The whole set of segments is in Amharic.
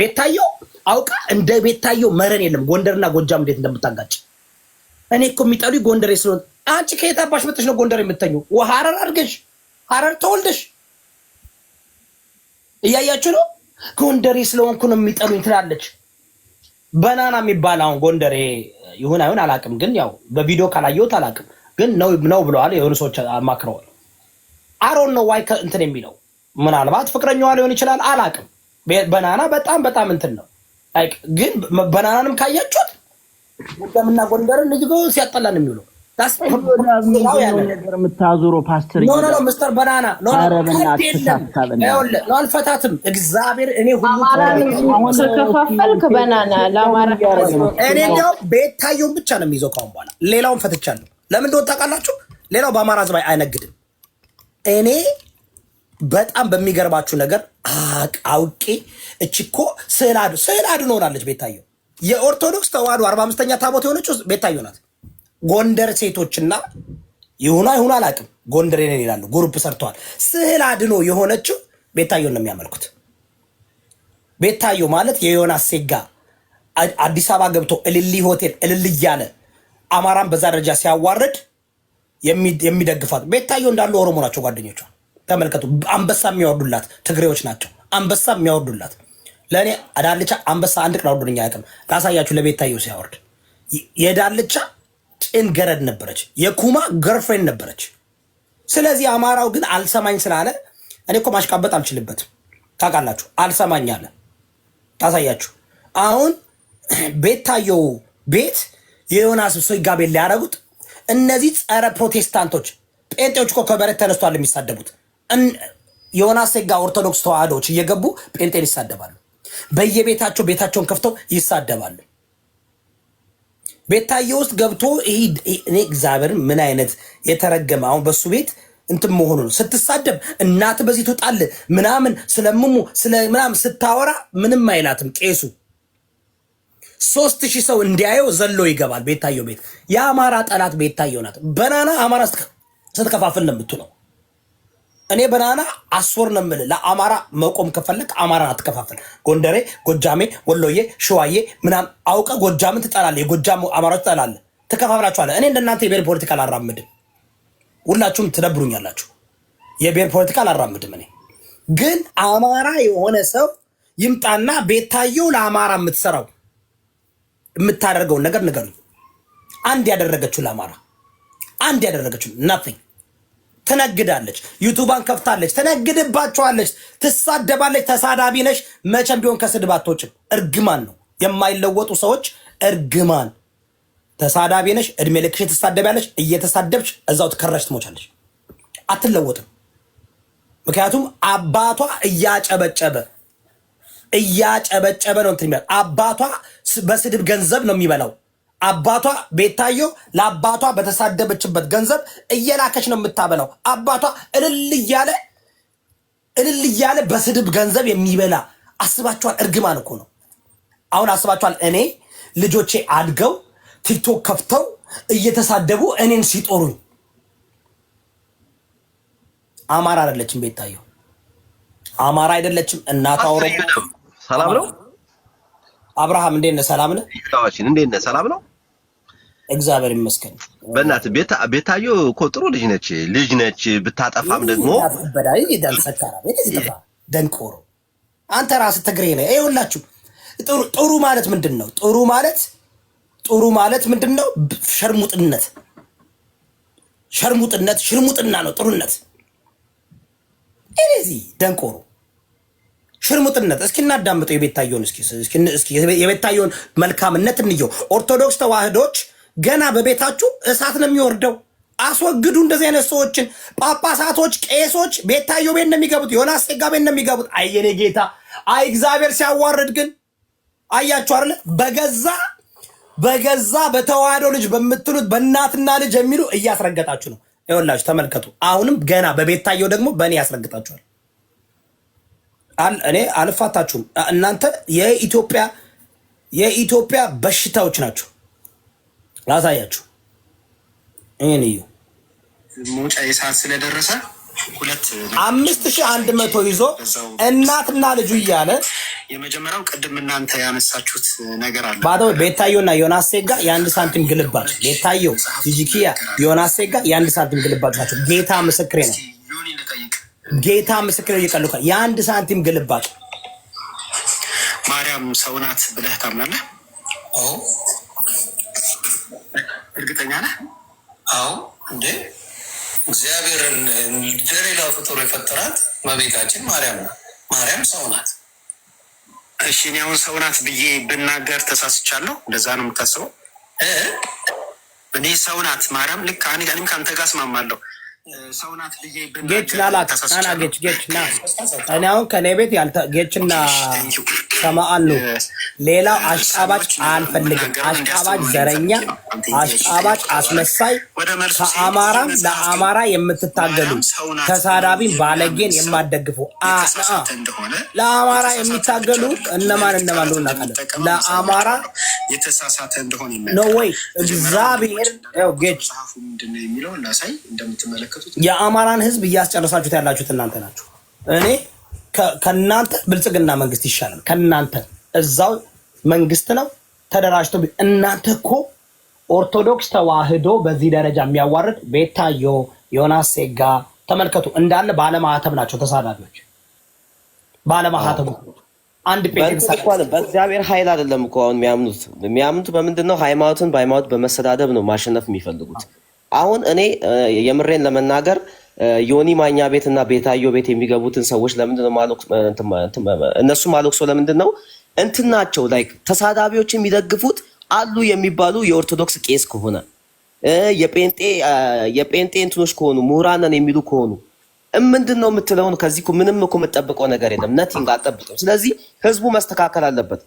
ቤታየው አውቃ እንደ ቤታየው መረን የለም። ጎንደርና ጎጃም እንዴት እንደምታጋጭ እኔ እኮ የሚጠሉ ጎንደር ስለሆነ፣ አንቺ ከየት አባሽ መጥተሽ ነው ጎንደር የምተኙ? ሀረር አድርገሽ ሀረር ተወልደሽ እያያችሁ ነው። ጎንደሬ ስለሆንኩ ነው የሚጠሉኝ ትላለች። በናና የሚባል አሁን ጎንደሬ ይሁን አይሁን አላውቅም፣ ግን ያው በቪዲዮ ካላየሁት አላውቅም፣ ግን ነው ነው ብለዋል። የሆኑ ሰዎች አማክረዋል። አሮን ነው ዋይ እንትን የሚለው ምናልባት ፍቅረኛዋ ሊሆን ይችላል፣ አላውቅም በናና በጣም በጣም እንትን ነው። ግን በናናንም ካያችሁት ጎጃምና ጎንደርን ልጅ ሲያጠላን የሚውለው የምታዞረው ፓስተር ኖ ኖ ምስተር በናና ኖ አልፈታትም። እግዚአብሔር እኔ ከፋፈልክ በናና ለአማራ እኔ እንዲያውም ቤታየውን ብቻ ነው የሚይዘው ካሁን በኋላ ሌላውን ፈትቻለሁ። ለምን እንደሆነ ታውቃላችሁ? ሌላው በአማራ ዝባይ አይነግድም። እኔ በጣም በሚገርባችሁ ነገር አውቄ እችኮ ስዕል አድኖ ስዕል አድኖ ሆናለች። ቤታየው የኦርቶዶክስ ተዋህዶ አርባ አምስተኛ ታቦት የሆነችው ቤታየው ናት። ጎንደር ሴቶችና ይሁኑ አይሁኑ አላውቅም፣ ጎንደር ነን ይላሉ። ጉሩፕ ሰርተዋል። ስዕል አድኖ የሆነችው ቤታየው ነው የሚያመልኩት። ቤታየው ማለት የዮናስ ሴጋ አዲስ አበባ ገብቶ እልል ሆቴል እልል እያለ አማራን በዛ ደረጃ ሲያዋርድ የሚደግፋት ቤታየው እንዳሉ ኦሮሞ ናቸው ጓደኞቿ ተመልከቱ። አንበሳ የሚያወርዱላት ትግሬዎች ናቸው። አንበሳ የሚያወርዱላት ለእኔ ዳልቻ አንበሳ አንድ ቀን አውርዶልኝ አያውቅም። ላሳያችሁ። ለቤታየሁ ሲያወርድ የዳልቻ ጭን ገረድ ነበረች፣ የኩማ ገርፍሬንድ ነበረች። ስለዚህ አማራው ግን አልሰማኝ ስላለ እኔ እኮ ማሽቃበጥ አልችልበትም። ታውቃላችሁ፣ አልሰማኝ አለ። ታሳያችሁ። አሁን ቤት ታየው ቤት የዮናስ ሶይጋ ቤት ሊያደረጉት እነዚህ ጸረ ፕሮቴስታንቶች ጴንጤዎች እኮ ከበረት ተነስቷል የሚሳደቡት ዮናስ ጋ ኦርቶዶክስ ተዋህዶዎች እየገቡ ጴንጤን ይሳደባሉ። በየቤታቸው ቤታቸውን ከፍተው ይሳደባሉ። ቤታየ ውስጥ ገብቶ እኔ እግዚአብሔር ምን አይነት የተረገመ አሁን በሱ ቤት እንትን መሆኑ ነው። ስትሳደብ እናት በዚህ ትውጣል ምናምን ስለምሙ ምናምን ስታወራ ምንም አይላትም ቄሱ። ሶስት ሺህ ሰው እንዲያየው ዘሎ ይገባል ቤታየው ቤት። የአማራ ጠላት ቤታየው ናት። በናና አማራ ስትከፋፍል ነው የምትለው እኔ በናና አስወር ነው የምልህ። ለአማራ መቆም ከፈለግ አማራን አትከፋፍል። ጎንደሬ፣ ጎጃሜ፣ ወሎዬ፣ ሸዋዬ ምናምን አውቀ ጎጃምን ትጠላለህ። የጎጃም አማራዎች ትጠላለህ። ተከፋፍላችኋለህ። እኔ እንደናንተ የብሔር ፖለቲካ አላራምድም። ሁላችሁም ትደብሩኛላችሁ። የብሔር ፖለቲካ አላራምድም። እኔ ግን አማራ የሆነ ሰው ይምጣና ቤታየው ለአማራ የምትሰራው የምታደርገውን ነገር ንገሩኝ። አንድ ያደረገችው ለአማራ አንድ ያደረገችው ናቲንግ ትነግዳለች። ዩቱባን ከፍታለች፣ ትነግድባችኋለች፣ ትሳደባለች። ተሳዳቢ ነሽ። መቼም ቢሆን ከስድብ አትወጭም። እርግማን ነው። የማይለወጡ ሰዎች እርግማን። ተሳዳቢ ነሽ። እድሜ ልክሽ ትሳደቢያለሽ። እየተሳደብች እዛው ትከራሽ ትሞቻለች፣ አትለወጥም። ምክንያቱም አባቷ እያጨበጨበ እያጨበጨበ ነው እንትን የሚለው አባቷ በስድብ ገንዘብ ነው የሚበላው። አባቷ ቤታዮ ለአባቷ በተሳደበችበት ገንዘብ እየላከች ነው የምታበላው። አባቷ እልል እያለ እልል እያለ በስድብ ገንዘብ የሚበላ አስባችኋል? እርግማን እኮ ነው። አሁን አስባችኋል? እኔ ልጆቼ አድገው ቲክቶክ ከፍተው እየተሳደቡ እኔን ሲጦሩኝ። አማራ አይደለችም ቤታዮ፣ አማራ አይደለችም። እናቷ ሰላም ነው። አብርሃም እንዴት ነህ? ሰላም ነህ? እንዴት ነህ? ሰላም ነው። እግዚአብሔር ይመስገን። በእናት ቤታዮ እኮ ጥሩ ልጅ ነች፣ ልጅ ነች። ብታጠፋም ደግሞ ደንቆሮ አንተ ራስህ ትግሬ ነህ። ይኸውላችሁ ጥሩ ማለት ምንድን ነው? ጥሩ ማለት ጥሩ ማለት ምንድን ነው? ሸርሙጥነት፣ ሸርሙጥነት፣ ሽርሙጥና ነው ጥሩነት። እነዚህ ደንቆሮ ሽርሙጥነት እስኪ እናዳምጠው። የቤታየውን እስኪ የቤታየውን መልካምነት እንየው። ኦርቶዶክስ ተዋህዶች ገና በቤታችሁ እሳት ነው የሚወርደው። አስወግዱ እንደዚህ አይነት ሰዎችን። ጳጳሳቶች፣ ቄሶች ቤታዮ ቤት ነው የሚገቡት፣ የሆነ አስጋ ቤት ነው የሚገቡት። ጌታ፣ አይ እግዚአብሔር ሲያዋርድ ግን አያችሁ አይደለ? በገዛ በገዛ በተዋህዶ ልጅ በምትሉት በእናትና ልጅ የሚሉ እያስረገጣችሁ ነው። ይኸውላችሁ ተመልከቱ። አሁንም ገና በቤታየው ደግሞ በእኔ ያስረግጣችኋል። እኔ አልፋታችሁም። እናንተ የኢትዮጵያ የኢትዮጵያ በሽታዎች ናቸው። ላሳያችሁ። ይህን እዩ። መውጫ የሰዓት ስለደረሰ አምስት ሺህ አንድ መቶ ይዞ እናትና ልጁ እያለ የመጀመሪያው ቅድም እናንተ ያነሳችሁት ነገር አለ። ባዶ ቤታዮና ዮናሴ ሴጋ የአንድ ሳንቲም ግልባጭ፣ ቤታየው ጂጂኪያ ዮናሴ ሴጋ የአንድ ሳንቲም ግልባጭ ናቸው። ጌታ ምስክሬ ነው። ጌታ ምስክሬ እየቀልኳ የአንድ ሳንቲም ግልባጭ ማርያም ሰውናት ብለህ ታምናለህ? እርግጠኛ ነህ? አዎ እንዴ እግዚአብሔርን ለሌላው ፍጡር የፈጠራት መቤታችን ማርያም ነው። ማርያም ሰው ናት። እሺ እኔ አሁን ሰው ናት ብዬ ብናገር ተሳስቻለሁ? እንደዛ ነው የምታስበው? እኔ ሰው ናት ማርያም ልክ እኔም ከአንተ ጋር እስማማለሁ። ጌች ላላት ጌች ጌች ና እኔ አሁን ከእኔ ቤት ጌችና ሰማአሉ ሌላው አሽቃባጭ አልፈልግም። አሽቃባጭ ዘረኛ፣ አሽቃባጭ አስመሳይ፣ ከአማራም ለአማራ የምትታገሉ ተሳዳቢን ባለጌን የማደግፉ ለአማራ የሚታገሉ እነማን እነማን እንደሆነ እናውቃለን። ለአማራ የተሳሳተ እንደሆነ ነው ወይ እግዚአብሔር ጌጭ የአማራን ህዝብ እያስጨረሳችሁት ያላችሁት እናንተ ናችሁ። እኔ ከእናንተ ብልጽግና መንግስት ይሻላል። ከእናንተ እዛው መንግስት ነው ተደራጅቶ። እናንተ እኮ ኦርቶዶክስ ተዋህዶ በዚህ ደረጃ የሚያዋርድ ቤታዮ ዮናስ ሴጋ ተመልከቱ እንዳለ ባለማህተብ ናቸው ተሳዳቢዎች። ባለማህተቡ አንድ በእግዚአብሔር ኃይል አይደለም እኮ አሁን የሚያምኑት የሚያምኑት በምንድን ነው? ሃይማኖትን በሃይማኖት በመሰዳደብ ነው ማሸነፍ የሚፈልጉት። አሁን እኔ የምሬን ለመናገር ዮኒ ማኛ ቤት እና ቤታዮ ቤት የሚገቡትን ሰዎች እነሱ ማለቅሶ ለምንድን ነው እንትናቸው ተሳዳቢዎች የሚደግፉት አሉ የሚባሉ የኦርቶዶክስ ቄስ ከሆነ የጴንጤ እንትኖች ከሆኑ ምሁራንን የሚሉ ከሆኑ ምንድን ነው የምትለውን? ከዚህ ምንም እኮ የምጠብቀው ነገር የለም ነቲንግ አልጠብቅም። ስለዚህ ህዝቡ መስተካከል አለበት።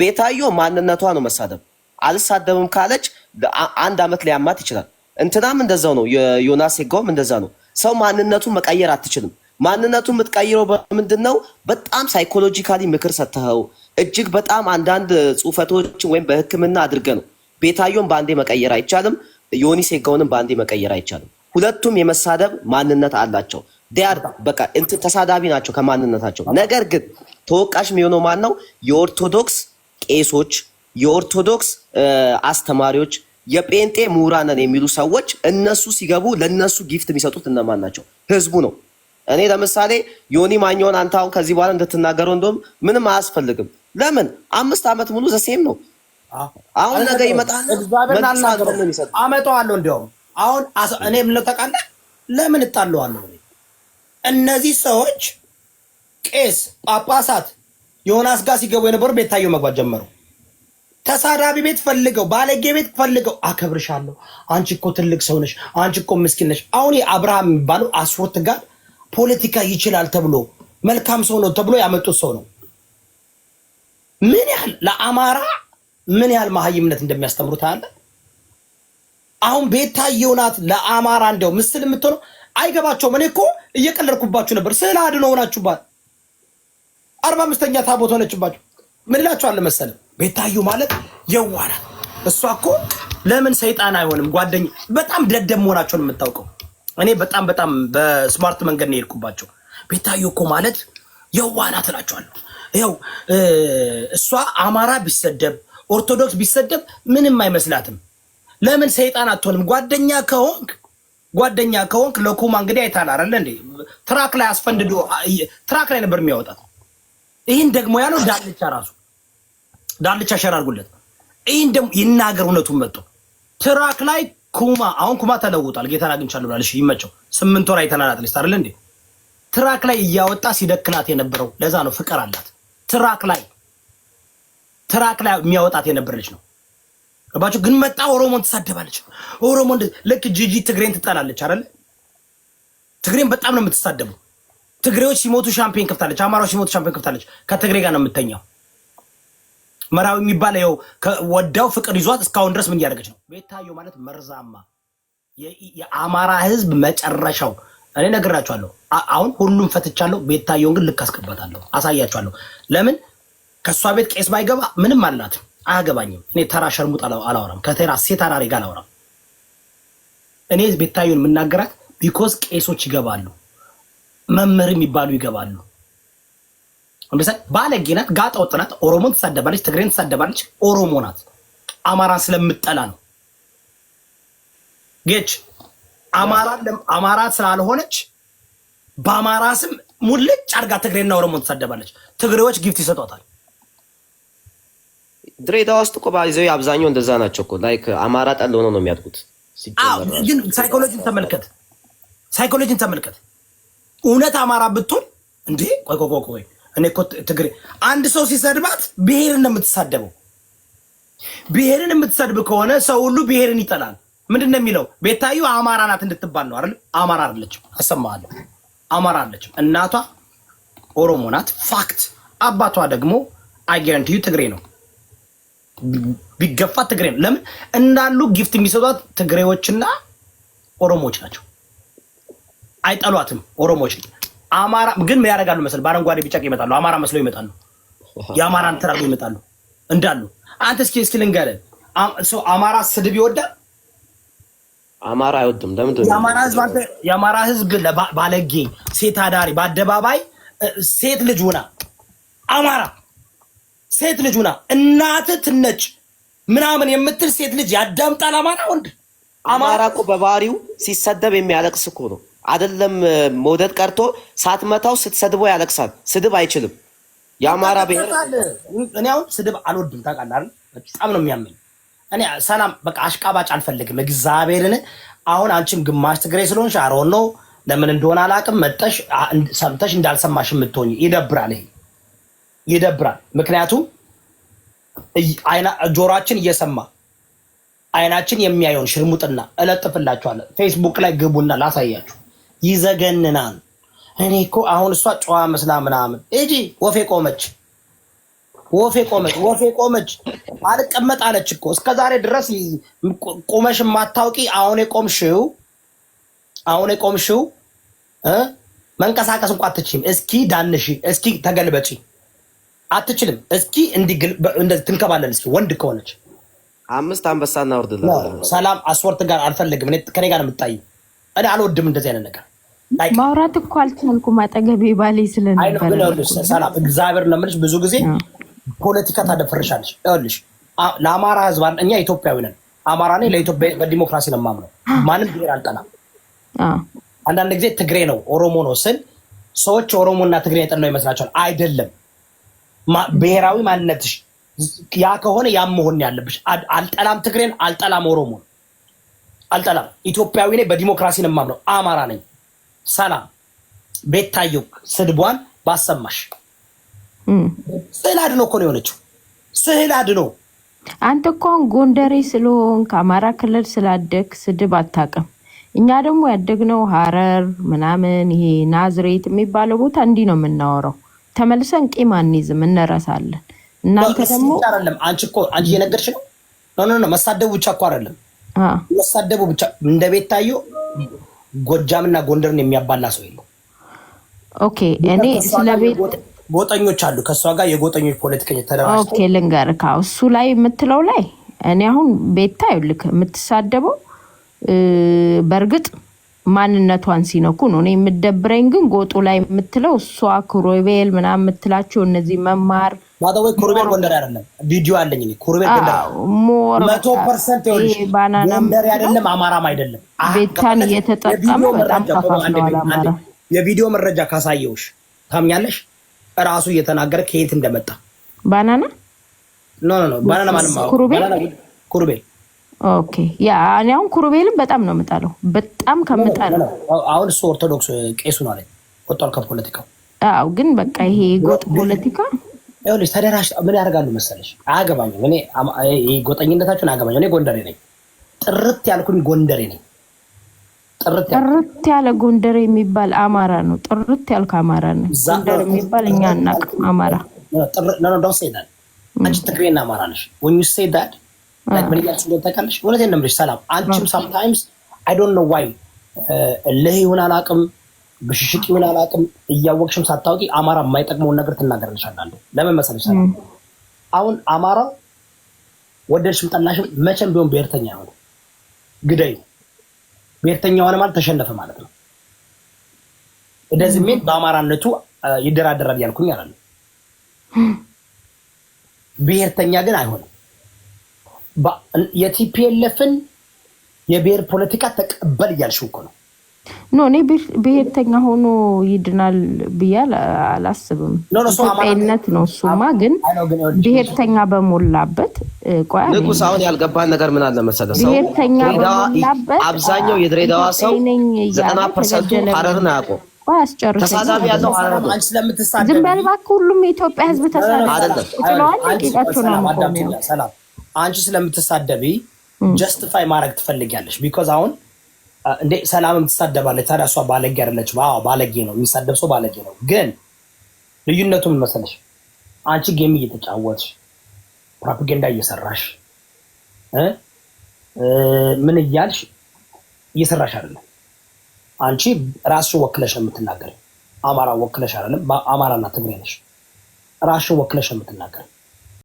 ቤታዮ ማንነቷ ነው መሳደብ። አልሳደብም ካለች አንድ አመት ሊያማት ይችላል። እንትናም እንደዛው ነው። ዮናስ ሄጋውም እንደዛ ነው። ሰው ማንነቱን መቀየር አትችልም። ማንነቱን የምትቀይረው በምንድን ነው? በጣም ሳይኮሎጂካሊ ምክር ሰጥተኸው እጅግ በጣም አንዳንድ ጽሁፈቶችን ወይም በህክምና አድርገ ነው። ቤታዮን በአንዴ መቀየር አይቻልም። ዮኒ ሴጋውንም በአንዴ መቀየር አይቻልም። ሁለቱም የመሳደብ ማንነት አላቸው። ዲያር በቃ እንትን ተሳዳቢ ናቸው ከማንነታቸው። ነገር ግን ተወቃሽ የሚሆነው ማን ነው? የኦርቶዶክስ ቄሶች፣ የኦርቶዶክስ አስተማሪዎች የጴንጤ ምሁራንን የሚሉ ሰዎች እነሱ ሲገቡ ለእነሱ ጊፍት የሚሰጡት እነማን ናቸው? ህዝቡ ነው። እኔ ለምሳሌ ዮኒ ማኛውን አንተ አሁን ከዚህ በኋላ እንድትናገረው እንደውም ምንም አያስፈልግም። ለምን አምስት ዓመት ሙሉ ዘሴም ነው። አሁን ነገ ይመጣል። አመጣዋለሁ። እንዲያውም አሁን እኔ የምለው ታውቃለህ፣ ለምን እጣለዋለሁ? እነዚህ ሰዎች ቄስ ጳጳሳት ዮናስ ጋር ሲገቡ የነበሩ ቤታየው መግባት ጀመረው። ተሳዳቢ ቤት ፈልገው ባለጌ ቤት ፈልገው አከብርሻለሁ፣ አንቺ እኮ ትልቅ ሰው ነሽ፣ አንቺ እኮ ምስኪን ነሽ። አሁን አብርሃም የሚባለው አስወርት ጋር ፖለቲካ ይችላል ተብሎ መልካም ሰው ነው ተብሎ ያመጡት ሰው ነው። ምን ያህል ለአማራ ምን ያህል መሀይምነት እንደሚያስተምሩት አለ። አሁን ቤታየው ናት ለአማራ እንደው ምስል የምትሆነው አይገባቸውም። እኔ እኮ እየቀለድኩባችሁ ነበር። ስለ አድኖ ሆናችሁባት። አርባ አምስተኛ ታቦት ሆነችባችሁ። ምን እላችኋለሁ መሰለም ቤታዩ ማለት የዋናት እሷ እኮ ለምን ሰይጣን አይሆንም? ጓደኛ በጣም ደደብ መሆናቸውን የምታውቀው እኔ በጣም በጣም በስማርት መንገድ ነው የሄድኩባቸው። ቤታዩ እኮ ማለት የዋናት እላቸዋለሁ። ይኸው እሷ አማራ ቢሰደብ ኦርቶዶክስ ቢሰደብ ምንም አይመስላትም። ለምን ሰይጣን አትሆንም? ጓደኛ ከሆንክ ጓደኛ ከሆንክ ለኩማ እንግዲህ አይታል አይደለ እንዴ? ትራክ ላይ አስፈንድዶ ትራክ ላይ ነበር የሚያወጣት። ይህን ደግሞ ያለው ዳልቻ ራሱ ዳልቻ ሸር አድርጉለት። ይህን ደግሞ ይናገር እውነቱን መጥቶ ትራክ ላይ ኩማ አሁን ኩማ ተለውጣል። ጌታን አግኝቻለሁ ብላለች። ይመቸው ስምንት ወር አይተናናት ልጅ ታደለ እንዴ ትራክ ላይ እያወጣ ሲደክናት የነበረው ለዛ ነው። ፍቅር አላት ትራክ ላይ ትራክ ላይ የሚያወጣት የነበር ልጅ ነው ባቸው። ግን መጣ ኦሮሞን ትሳደባለች። ኦሮሞ ልክ ጂጂ ትግሬን ትጠላለች አይደለ? ትግሬን በጣም ነው የምትሳደበው። ትግሬዎች ሲሞቱ ሻምፒዮን ከፍታለች። አማራዎች ሲሞቱ ሻምፒዮን ከፍታለች። ከትግሬ ጋር ነው የምተኛው። መራዊ የሚባል ው ወዳው ፍቅር ይዟት እስካሁን ድረስ ምን እያደረገች ነው? ቤታዮ ማለት መርዛማ የአማራ ህዝብ መጨረሻው። እኔ ነግራችኋለሁ። አሁን ሁሉም ፈትቻለሁ። ቤታየውን ግን ልክ አስገባታለሁ፣ አሳያችኋለሁ። ለምን ከእሷ ቤት ቄስ ባይገባ ምንም አላት፣ አያገባኝም። እኔ ተራ ሸርሙጥ አላወራም፣ ከተራ ሴት አራሪ ጋር አላወራም። እኔ ቤታየውን የምናገራት ቢኮዝ ቄሶች ይገባሉ፣ መምህር የሚባሉ ይገባሉ ባለጌ ናት፣ ጋጣ ወጥ ናት። ኦሮሞን ትሳደባለች፣ ትግሬን ትሳደባለች። ኦሮሞ ናት። አማራን ስለምጠላ ነው። ጌች አማራ ስላልሆነች በአማራ ስም ሙልጭ አድርጋ ትግሬና ኦሮሞን ትሳደባለች። ትግሬዎች ጊፍት ይሰጧታል። ድሬዳዋ ውስጥ እኮ ባይዘው አብዛኛው እንደዛ ናቸው እኮ ላይክ አማራ ጠል ሆነው ነው የሚያድጉት። ግን ሳይኮሎጂን ተመልከት፣ ሳይኮሎጂን ተመልከት። እውነት አማራ ብትሆን እንዴ ቆይ ቆይ ቆይ እኔ እኮ ትግሬ አንድ ሰው ሲሰድባት ብሔርን ነው የምትሳደበው። ብሔርን የምትሰድብ ከሆነ ሰው ሁሉ ብሔርን ይጠላል። ምንድን ነው የሚለው? ቤታዩ አማራ ናት እንድትባል ነው አይደል? አማራ አይደለችም። አሰማሃለሁ። አማራ አይደለችም። እናቷ ኦሮሞ ናት። ፋክት። አባቷ ደግሞ አጋንቲዩ ትግሬ ነው። ቢገፋ ትግሬ ነው። ለምን እንዳሉ ጊፍት የሚሰጧት ትግሬዎችና ኦሮሞዎች ናቸው። አይጠሏትም ኦሮሞዎች አማራ ግን ያደርጋሉ መስል በአረንጓዴ ቢጫ ይመጣሉ። አማራ መስለው ይመጣሉ። የአማራን ተራ ይመጣሉ እንዳሉ አንተ እስኪ እስኪ ልንገርህ፣ አማራ ስድብ ይወዳል? አማራ አይወድም። ለምንድን ነው የአማራ ህዝብ ባለጌ፣ ሴት አዳሪ፣ በአደባባይ ሴት ልጅ ሁና አማራ ሴት ልጅ ሁና እናት ትነች ምናምን የምትል ሴት ልጅ ያዳምጣል አማራ ወንድ? አማራ እኮ በባህሪው ሲሰደብ የሚያለቅስ እኮ ነው። አይደለም መውደድ ቀርቶ ሳትመታው ስትሰድቦ ያለቅሳል። ስድብ አይችልም። የአማራ ብሔር እኔ አሁን ስድብ አልወድም ታውቃለህ በጣም ነው የሚያመኝ። እኔ ሰላም በቃ አሽቃባጭ አልፈልግም። እግዚአብሔርን አሁን አንቺም ግማሽ ትግሬ ስለሆንሽ አሮን ነው ለምን እንደሆነ አላውቅም። መጠሽ ሰምተሽ እንዳልሰማሽ የምትሆኝ ይደብራል። ይሄ ይደብራል። ምክንያቱም ጆሯችን እየሰማ አይናችን የሚያየውን ሽርሙጥና እለጥፍላችኋለሁ። ፌስቡክ ላይ ግቡና ላሳያችሁ። ይዘገንናል። እኔ እኮ አሁን እሷ ጨዋ መስላ ምናምን እጂ ወፌ ቆመች፣ ወፌ ቆመች፣ ወፌ ቆመች፣ አልቀመጥ አለች እኮ እስከ ዛሬ ድረስ ቁመሽ ማታውቂ አሁን የቆምሽው አሁን የቆምሽው መንቀሳቀስ እንኳ አትችም። እስኪ ዳንሽ እስኪ ተገልበጪ፣ አትችልም። እስኪ ትንከባለን። እስኪ ወንድ ከሆነች አምስት አንበሳ እናወርድላ። ሰላም አስወርት ጋር አልፈልግም። ከኔ ጋር የምታይ እኔ አልወድም እንደዚህ አይነት ነገር ማውራት እኮ አልቻልኩም። አጠገቤ ባሌ ስለነበረ ሰላም እግዚአብሔር ለምልሽ ብዙ ጊዜ ፖለቲካ ታደፈርሻለሽ። ይኸውልሽ ለአማራ ህዝብ እኛ ኢትዮጵያዊ ነን። አማራ እኔ ለኢትዮጵያ በዲሞክራሲ ነው የማምነው። ማንም ብሄር አልጠላም። አንዳንድ ጊዜ ትግሬ ነው ኦሮሞ ነው ስል ሰዎች ኦሮሞና ትግሬ የጠላው ይመስላቸዋል። አይደለም። ብሔራዊ ማንነትሽ ያ ከሆነ ያም መሆን ያለብሽ። አልጠላም ትግሬን፣ አልጠላም ኦሮሞን፣ አልጠላም ኢትዮጵያዊ ነኝ። በዲሞክራሲ ነው የማምነው። አማራ ነኝ። ሰላም ቤታዩ ስድቧን ባሰማሽ። ስዕል አድኖ እኮ ነው የሆነችው። ስዕል አድኖ አንተ እኮ ጎንደሬ ስለሆን ከአማራ ክልል ስላደግ ስድብ አታውቅም። እኛ ደግሞ ያደግነው ሀረር ምናምን ይሄ ናዝሬት የሚባለው ቦታ እንዲህ ነው የምናወራው። ተመልሰን ቂም አንይዝም፣ እንረሳለን። እናንተ ደግሞ አንቺ እኮ አንቺ እየነገርሽ ነው። መሳደቡ ብቻ እኮ አይደለም መሳደቡ ብቻ እንደ ቤታዩ ጎጃምና ጎንደርን የሚያባላ ሰው የለው። ኦኬ እኔ ስለቤት ጎጠኞች አሉ። ከእሷ ጋር የጎጠኞች ፖለቲከኛ ተደራጅተው ኦኬ ካ እሱ ላይ የምትለው ላይ እኔ አሁን ቤታ ይኸውልህ የምትሳደበው በእርግጥ ማንነቷን ሲነኩ ነው። እኔ የምደብረኝ ግን ጎጡ ላይ የምትለው እሷ ክሮቤል ምናምን የምትላቸው እነዚህ መማር ባታወ ኩርቤር ጎንደር አይደለም። ቪዲዮ አለኝ እኔ ኩርቤር ጎንደር መቶ ፐርሰንት ይኸውልሽ፣ አይደለም አማራም አይደለም። ቤታን እየተጠቀመ የቪዲዮ መረጃ ካሳየውሽ ታምኛለሽ? እራሱ እየተናገረ ከየት እንደመጣ ባናና ኖ ኖ ኖ ባናና ማንም ኩርቤር ኦኬ። ያ እኔ አሁን ኩርቤልን በጣም ነው የምጣለው፣ በጣም ከምጣለው። አሁን እሱ ኦርቶዶክስ ቄሱ ነው አለኝ ወጣል ከፖለቲካው። አዎ ግን በቃ ይሄ ጎጥ ፖለቲካ ይኸውልሽ ተደራሽ ምን ያደርጋሉ መሰለሽ? አያገባኝም። እኔ ጎጠኝነታችሁን አያገባኝም። እኔ ጎንደሬ ነኝ፣ ጥርት ያልኩኝ ጎንደሬ ነኝ። ጥርት ያለ ጎንደሬ የሚባል አማራ ነው። ጥርት ያልኩ አማራ ነው። ጎንደሬ የሚባል እኛ እናቅ አማራ ዳው ሴዳድ አንቺ ትግሬና አማራ ነሽ። ወኙ ሴዳድ ምን እያልሽ እንደሆነ ታውቂያለሽ። እውነቴን ነው የምልሽ። ሰላም አንቺም ሳምታይምስ አይ ዶንት ኖ ዋይ ለህ ይሁን አላውቅም ብሽሽቅ ይሆን አላውቅም። እያወቅሽም ሳታውቂ አማራ የማይጠቅመውን ነገር ትናገርልሻላለሁ። ለምን መሰለሽ አሁን አማራ ወደድሽም ጠላሽም መቼም ቢሆን ብሔርተኛ ሆነ ግደይ ብሔርተኛ ሆነ ማለት ተሸነፈ ማለት ነው። እንደዚህ ሜን በአማራነቱ ይደራደራል ያልኩኝ አላለ። ብሔርተኛ ግን አይሆንም። የቲፒኤልኤፍን የብሔር ፖለቲካ ተቀበል እያልሽው እኮ ነው ኖ እኔ ብሄርተኛ ሆኖ ይድናል ብዬ አላስብም። ኢትዮጵያዊነት ነው እሱማ። ግን ብሄርተኛ በሞላበት ንጉስ፣ አሁን ያልገባህን ነገር ምን አለ መሰለህ፣ ሰው አብዛኛው የድሬዳዋ ሰው ዘጠና ፐርሰንቱ ሀረርን አያውቁም። ተሳዳቢ ያለው ሀረር ዝም በል እባክህ። ሁሉም የኢትዮጵያ ህዝብ ተሳዳቢ ችለዋል። ጌጣቸው ነው። አንቺ ስለምትሳደቢ ጀስቲፋይ ማድረግ ትፈልጊያለሽ ቢኮዝ አሁን እንዴ ሰላምም ትሳደባለች። ታዲያ እሷ ባለጌ አደለች አዎ ባለጌ ነው፣ የሚሳደብ ሰው ባለጌ ነው። ግን ልዩነቱ ምን መሰለሽ? አንቺ ጌም እየተጫወትሽ ፕሮፓጋንዳ እየሰራሽ ምን እያልሽ እየሰራሽ አይደለም። አንቺ ራስሽ ወክለሽ ነው የምትናገር። አማራ ወክለሽ አይደለም። አማራና ትግሬ ነሽ። ራስሽን ወክለሽ ነው የምትናገር።